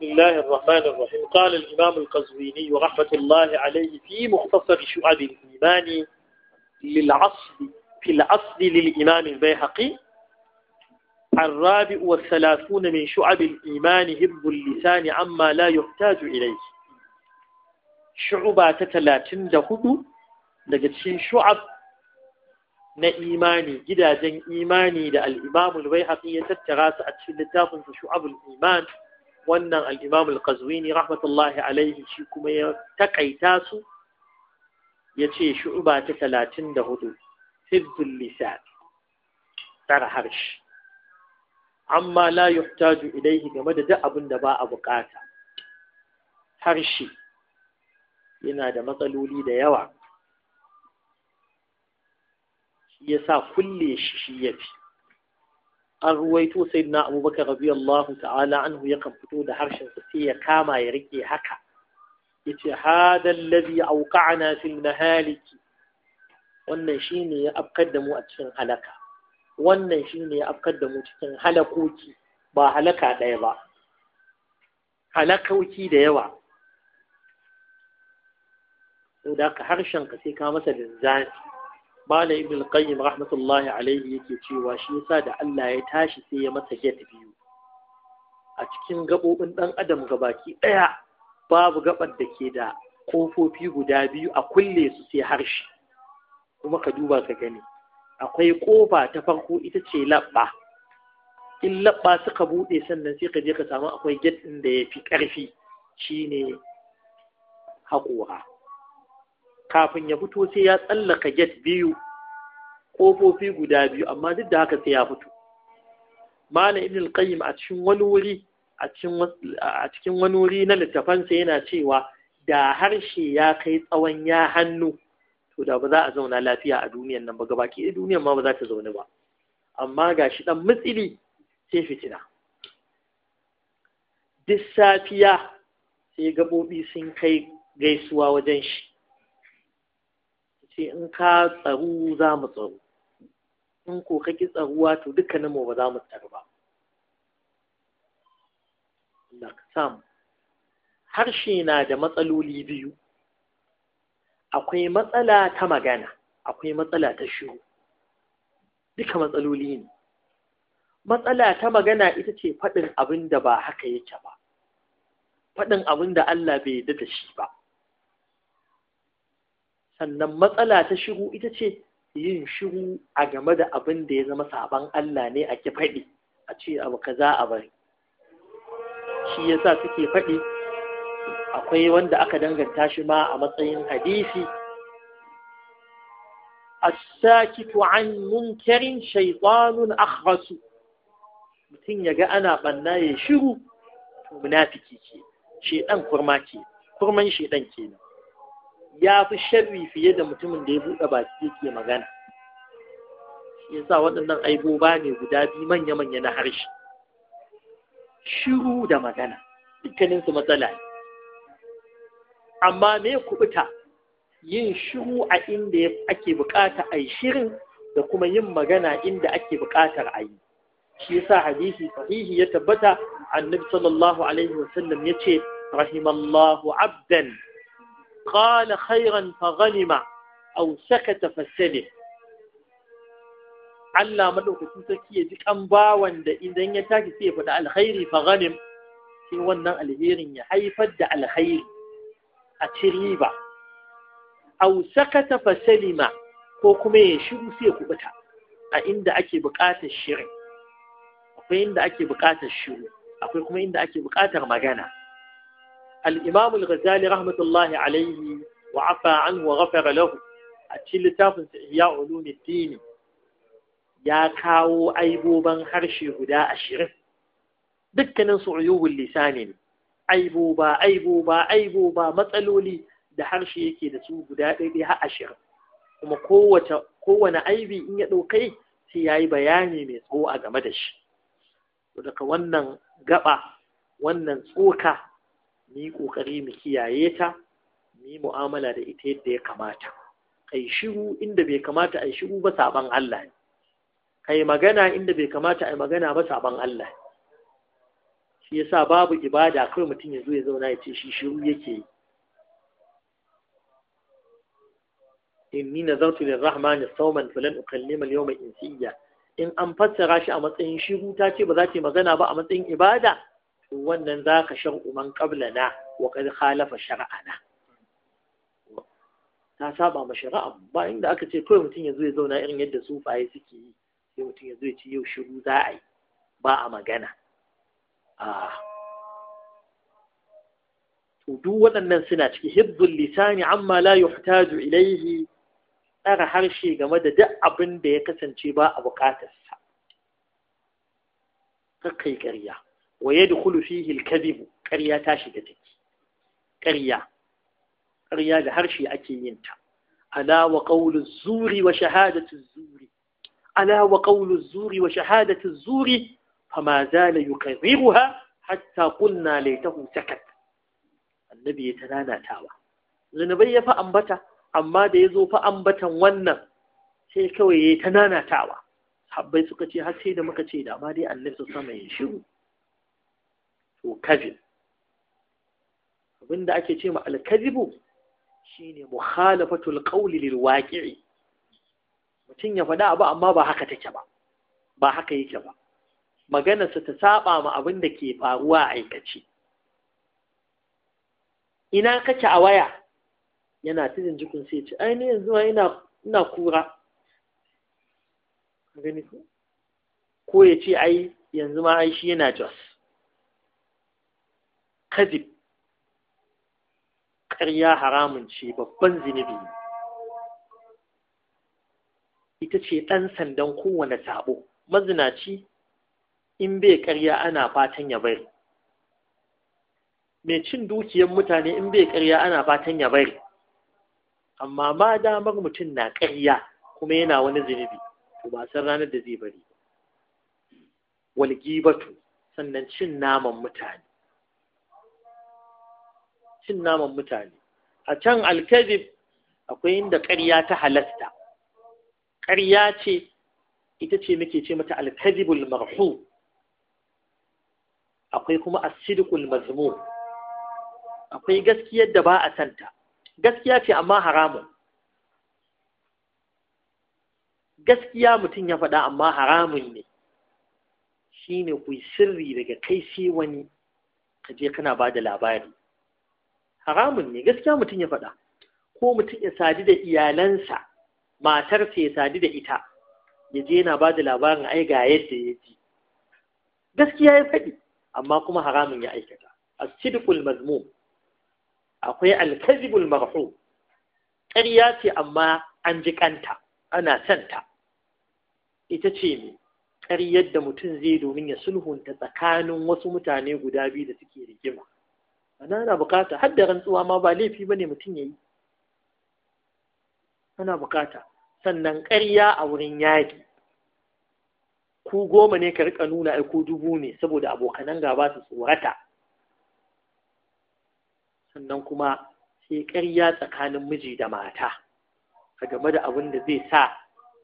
بسم الله الرحمن الرحيم قال الإمام القزويني رحمة الله عليه في مختصر شعب الإيمان للعصر في العصر للإمام البيهقي الرابع والثلاثون من شعب الإيمان هب اللسان عما لا يحتاج إليه شعبة تتلاتين دهدو لجتشين شعب نإيماني imani gidajen إيماني da al'imamul bai haƙi ya tattara su الإيمان cikin wannan al-imam al-qazwini rahmatullahi alaihi shi kuma ya takaita su Ya ce shu'ba ta hudu, hibdul lisan tsara harshe amma la yuhtaju ilaihi game da duk abin da ba a bukata harshe yana da matsaloli da yawa shi yasa kulle shi shi fi. an ruwaito sai na abubakar rabi Allah ta'ala an yakan fito da harshen sa sai ya kama ya rike haka ya ce hadan labi auƙa'ana fil mahaliki wannan shi ne ya afkar da mu a cikin halaka wannan shi ne ya afkar da mu cikin halakoki ba halaka ɗaya ba halakoki da yawa sau da ka harshen ka sai ka masa linzami malam ibn qayyim rahmatullahi alaihi yake cewa shi yasa da Allah ya tashi sai ya masa get biyu a cikin gaɓoɓin dan adam gabaki ɗaya babu gaɓar da ke da kofofi guda biyu a kulle su sai harshe kuma ka duba ka gani akwai ƙofa ta farko ita ce labba in labba suka buɗe sannan sai ka je ka samu akwai get ɗin da ya fi ƙarfi shine haƙora kafin ya fito sai ya tsallaka get biyu ƙofofi guda biyu amma duk da haka sai ya fito malam ibn al-qayyim a cikin wani wuri a cikin wani wuri na littafansa yana cewa da harshe ya kai tsawon ya hannu to da ba za a zauna lafiya a duniyan nan ba gabaki a duniyan ma ba za ta zaune ba amma ga shi ɗan matsili sai fitina duk safiya sai gabobi sun kai gaisuwa wajen shi ce in ka tsaru za mu tsaru in ko ka ki tsaruwa to dukkanin mu ba za mu tsaru ba Allah harshe na da matsaloli biyu akwai matsala ta magana akwai matsala ta shiru duka matsaloli ne matsala ta magana ita ce faɗin abin da ba haka yake ba faɗin abin da Allah bai yarda da shi ba sannan matsala ta shiru ita ce yin shiru a game da abin da ya zama saban Allah ne a ki faɗi a ce abu kaza a bari shi ya sa suke faɗi akwai wanda aka danganta shi ma a matsayin hadisi الساكت an munkarin شيطان أخرس mutum ya ga ana ɓanna ya shiru munafiki ke shedan kurma ke kurman shedan kenan ya fi sharri fiye da mutumin da ya buɗe baki yake magana Ya sa waɗannan aiboba ne guda biyu manya-manya na harshe shiru da magana dukkaninsu matsala amma me kubuta yin shiru a inda ake bukata a yi shirin da kuma yin magana inda ake bukatar a yi shi yasa hadisi sahihi ya tabbata annabi sallallahu alaihi wasallam ya ce rahimallahu abdan قال خيرا فغنم أو سكت فسلم Allah madaukakin sarki ya ji kan bawan da idan ya tashi sai ya faɗi alkhairi fa ganim sai wannan alherin ya haifar da alkhairi a ci riba aw sakata fa salima ko kuma ya shiru sai ya kubuta a inda ake buƙatar shirin akwai inda ake buƙatar shiru akwai kuma inda ake buƙatar magana al-imam al-ghazali rahmatullahi alayhi wa afa anhu wa ghafara lahu littafin sa ihya ulumuddin ya kawo aiboban harshe guda ashirin dukkanin su uyubul lisani ne aibo ba aibo matsaloli da harshe yake dasu guda ɗaya har ashirin kuma kowane aibi in ya ɗaukai sai ya yi bayani mai tsawo a game da shi daga wannan gaba wannan tsoka mu yi mu kiyaye ta mu yi mu'amala da ita yadda ya kamata kai shiru inda bai kamata a shiru ba saban Allah ne kai magana inda bai kamata a magana ba saban Allah shi yasa babu ibada kawai mutum ya zo ya zauna ya ce shi shiru yake yi inni nazartu lirrahman sawman falan ukallima al-yawma insiya in an fassara shi a matsayin shiru ta ce ba za ta yi magana ba a matsayin ibada wannan za ka uman ƙabla na wa halafa shari'a na. ta saba ma shari'a ba inda aka ce kawai mutum ya zo ya zauna irin yadda sufaye suke yi sai mutum ya zo ya ce yau shiru za a yi ba a magana waɗannan suna ciki hibdul lisani amma la yuhtaju ilaihi tsara harshe game da duk abin da ya kasance ba a buƙatar sa kakkai ƙarya wa yadkhulu fihi al-kadhib ƙarya ta shiga take ƙarya da harshe ake yin ta ala wa qawlu zuri wa shahadatu zuri ala wa qawlu zuri wa shahadatu zuri fama zala hatta qulna laitahu sakat annabi ya tananatawa zunubai ya fa ambata amma da ya zo fa ambatan wannan sai kawai ya tananatawa habbai suka ce har sai da muka ce da amma dai annabi sama ya shiru ko abinda ake ce ma alkazibu shine mukhalafatul qawli lil waqi'i mutum ya faɗa abu amma ba haka take ba ba haka yake ba maganarsa ta saba ma abin ke faruwa a aikace ina kake a waya yana tijin jikin sai ce ai ni yanzu ina ina kura gani ko ko ya ce ai yanzu ma ai shi yana jos Kadib, ƙarya haramun ce babban zinubi ita ce ɗan sandan kowane sabo mazinaci in bai ƙarya ana fatan ya bari mai cin dukiyar mutane in bai ƙarya ana fatan ya bari amma ma damar mutum na ƙarya kuma yana wani zunubi to ba san ranar da zai bari walgibatu sannan cin naman mutane cin naman mutane a can alkazib akwai inda ƙarya ta halasta ƙarya ce ita ce muke ce mata alkazibul marhu akwai kuma asidikul mazmum akwai gaskiyar da ba a santa gaskiya ce amma haramun gaskiya mutum ya faɗa amma haramun ne Shi ne ku sirri daga kai sai wani ka je kana ba da labari haramun ne gaskiya mutum ya faɗa ko mutum ya sadu da iyalansa matarsa ya sadu da ita ya je yana ba da labarin ai ga yadda ya ji gaskiya ya faɗi amma kuma haramun ya aikata as-sidqul mazmum akwai al-kadhibul marhu ƙarya ce amma an ji kanta ana santa ita ce me ƙaryar da mutum zai domin ya sulhunta tsakanin wasu mutane guda biyu da suke rigima ana ana bukata har da rantsuwa ma ba laifi bane mutum yayi ana bukata sannan ƙarya a wurin yaƙi ku goma ne ka rika nuna ai ku dubu ne saboda abokanan gaba su tsorata sannan kuma sai ƙarya tsakanin miji da mata a game da abin da zai sa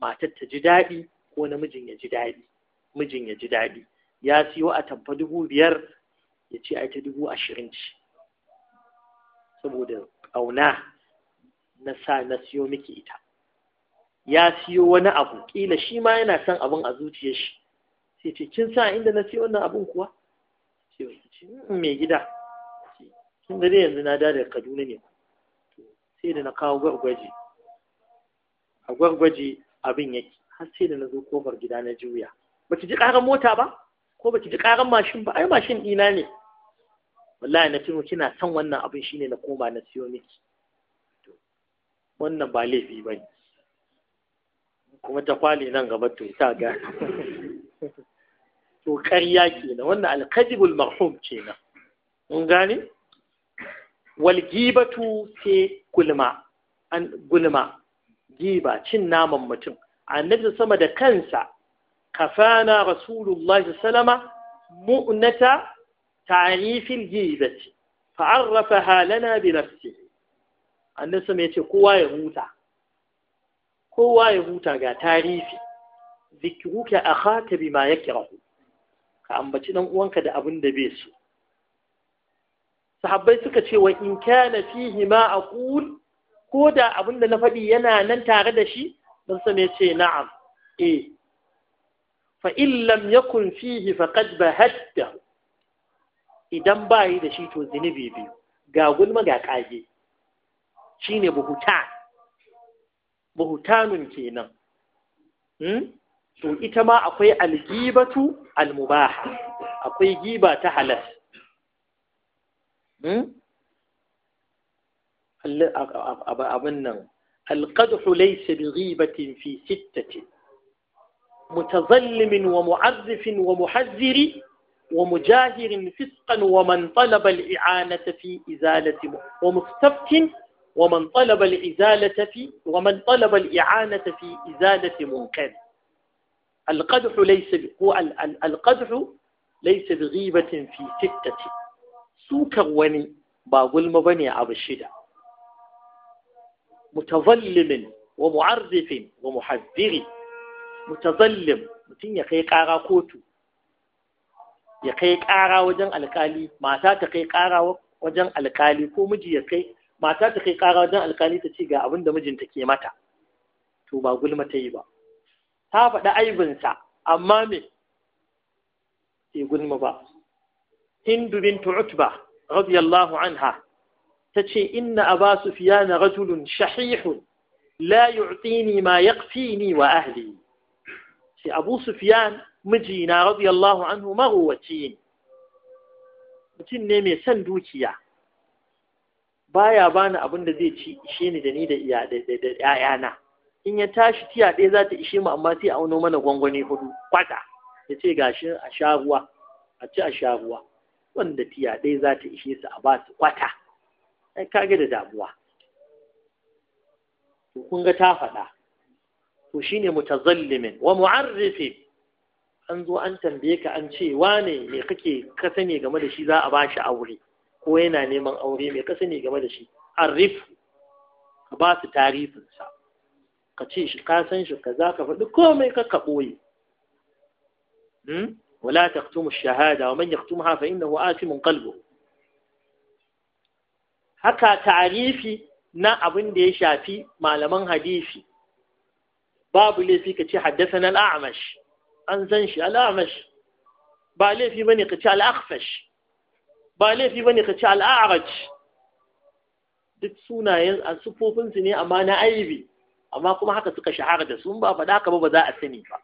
matar ta ji daɗi ko namijin ya ji daɗi mijin ya ji daɗi ya siyo a tamfa dubu biyar ya ce ai ta dubu ashirin ce saboda ƙauna na sa na siyo miki ita ya siyo wani abu kila shi ma yana son abin a zuciyar shi sai ce kin sa inda na siyo wannan abin kuwa ce mm, mai gida kin ga dai yanzu na dada Kaduna ne sai da na kawo gwargwaje a gwargwaje abin yake har sai da na zo kofar gida na juya Ba ki ji ƙarar mota ba ko ba ki ji ƙarar mashin ba ai mashin ɗina ne wallahi na tuno kina son wannan abin shine na koma na siyo miki wannan ba laifi ba ne kuma ta kwale nan gaba to ta ga to ƙarya kenan wannan alkadibul marhum kenan mun gane wal gibatu sai gulma an gulma giba cin naman mutum annabi sama da kansa kafana rasulullahi sallama mu'nata تعريف الجيبة فعرفها لنا بنفسه annan sama ya ce kowa ya huta kowa ya huta ga tarihi zikiruka akhaka bima yakrahu ka ambaci dan uwanka da abin da bai so sahabbai suka ce wa in kana fihi ma aqul ko da abin da na faɗi yana nan tare da shi dan na'am E, fa in lam yakun fihi faqad idan ba yi da shi to zunubi biyu ga gulma ga kaje, shi ne buhutan buhutanun kenan hmm? to ita ma akwai algibatu almubaha akwai giba ta halas hmm? abin nan القدح ليس بغيبة في wa متظلم wa ومحذر ومجاهر فسقا ومن طلب الإعانة في إزالة ومستفت ومن طلب الإزالة في ومن طلب الإعانة في إزالة منكر القدح ليس هو القدح ليس بغيبة في ستة سوك وني باقول مبني أبو الشدة متظلم ومعرف ومحذر متظلم متين يقيق عراقوته ya kai ƙara wajen alkali mata ta kai ƙara wajen alkali ko miji ya kai mata ta kai ƙara wajen alkali ta ce ga abin da mijinta ke mata to ba gulma ta yi ba ta faɗi aibinsa amma me ke gulma ba hindu bin utba radiyallahu anha ta ce inna aba sufyan rajulun shahihun la yu'tini ma yaqfini wa ahli sai abu sufyan mijina radiyallahu anhu marowaci ne mutum ne mai son dukiya baya bani abin da zai ci ishe ni da ni da ‘ya'yana in ya tashi tiya ɗaya za ta ishe mu amma sai a auno mana gwangwani hudu kwata ya ce gashi a sha a ci a sha wanda tiya ɗaya za ta ishe su a ba su kwata ai kage da damuwa to kun ga ta faɗa to shine mutazallimin wa mu'arrifin an zo an tambaye ka an ce wane me kake ka sani game da shi za a ba shi aure ko yana neman aure me ka sani game da shi arif ka ba su ka ce shi ka san shi ka za ka faɗi komai ka ka ɓoye ولا تكتم الشهادة ومن يكتمها فإنه آثم قلبه haka ta'arifi na abin da ya shafi malaman hadisi babu laifi kace haddathana al-a'mash an san shi al'amash ba laifi bane ka ci al'akhfash ba laifi bane ka ci al'a'raj duk sunayen a sufofin ne amma na aibi amma kuma haka suka shahara da su ba faɗa ka ba ba za a sani ba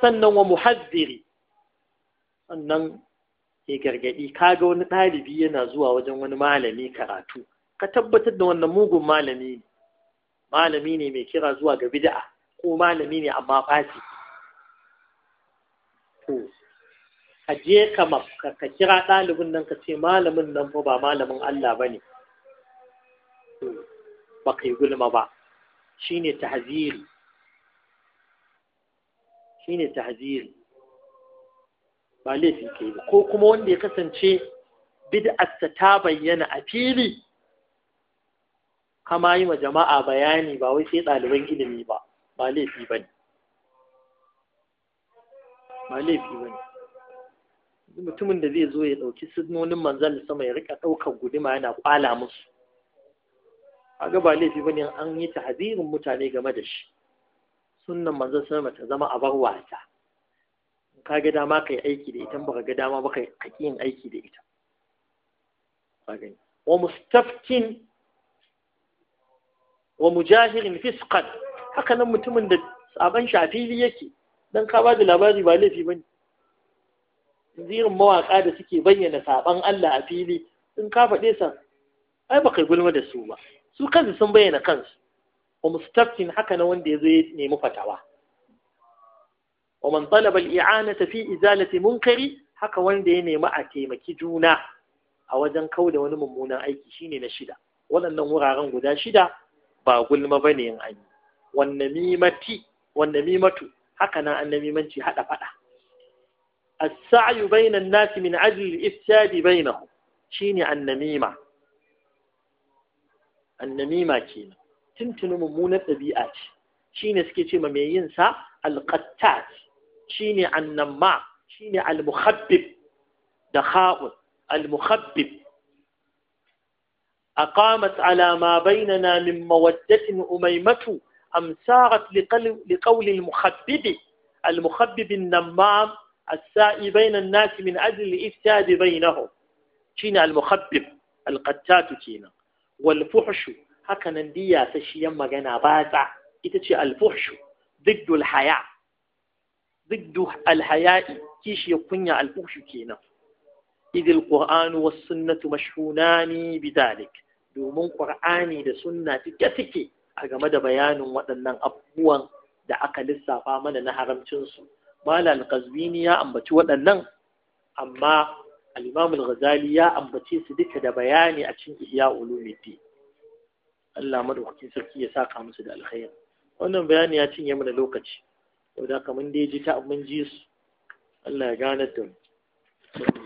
sannan wa muhaddiri sannan ya gargaɗi kaga wani ɗalibi yana zuwa wajen wani malami karatu ka tabbatar da wannan mugun malami ne malami ne mai kira zuwa ga bid'a ko malami ne amma fasi to ka je ka ka kira ɗalibin nan ka ce malamin nan fa ba malamin Allah bane to ba kai gulma ba shine tahziri shine tahziri ba laifi kai ba ko kuma wanda ya kasance bid'a ta bayyana a fili kama yi ma jama'a bayani ba wai sai ɗaliban ilimi ba ba laifi ba ne ba laifi ba ne mutumin da zai zo ya ɗauki sunonin manzan sama ya rika ɗaukar guduma yana kwala musu ga ba laifi ba ne an yi tahzirin mutane game da shi sunnan manzan sama ta zama abar wasa ka ga dama ka yi aiki da ita baka ga dama ba ka aiki da ita wa mustafkin wa mujahirin fisqan haka nan mutumin da saban shafili yake dan ka ba da labari ba laifi bane zirin mawaka da suke bayyana saban Allah a fili in ka faɗe sa ai ba kai gulma da su ba su kansu sun bayyana kansu wa mustaftin haka na wanda yazo ya nemi fatawa wa man talaba al-i'anata fi izalati munkari haka wanda ya nemi a taimaki juna a wajen kauda wani mummunan aiki shine na shida waɗannan wuraren guda shida ba gulma bane in an yi wan namimati wan namimatu haka nan an namimanci hada fada as-sa'yu bayna an-nas min ajli al-ifsad bainahum shine an-namima an-namima kenan tuntuni mummunar ɗabi'a ce shine suke ce ma mai yin sa al-qattat shine annamma shine al muhabbib da kha'un al muhabbib أقامت على ما بيننا من مودة أميمة أم سارت لقول المخبب المخبب النمام السائي بين الناس من أجل الإفساد بينهم كينا المخبب القتات كينا والفحش هكا هكذا نديا تشيا مغانا باسع إتشي الفحش ضد الحياة ضد الحياء كيش يكون الفحش كينا إذ القرآن والسنة مشحونان بذلك domin ƙur'ani da sunna cike suke a game da bayanin waɗannan abubuwan da aka lissafa mana na haramcinsu mala al-qazwini ya ambaci waɗannan amma al-imam al-ghazali ya ambace su duka da bayani a cikin ihya ulumuddin Allah madaukakin sarki ya saka musu da alkhairi wannan bayani ya cinye mana lokaci saboda haka mun dai ji ta mun ji su Allah ya gane da mu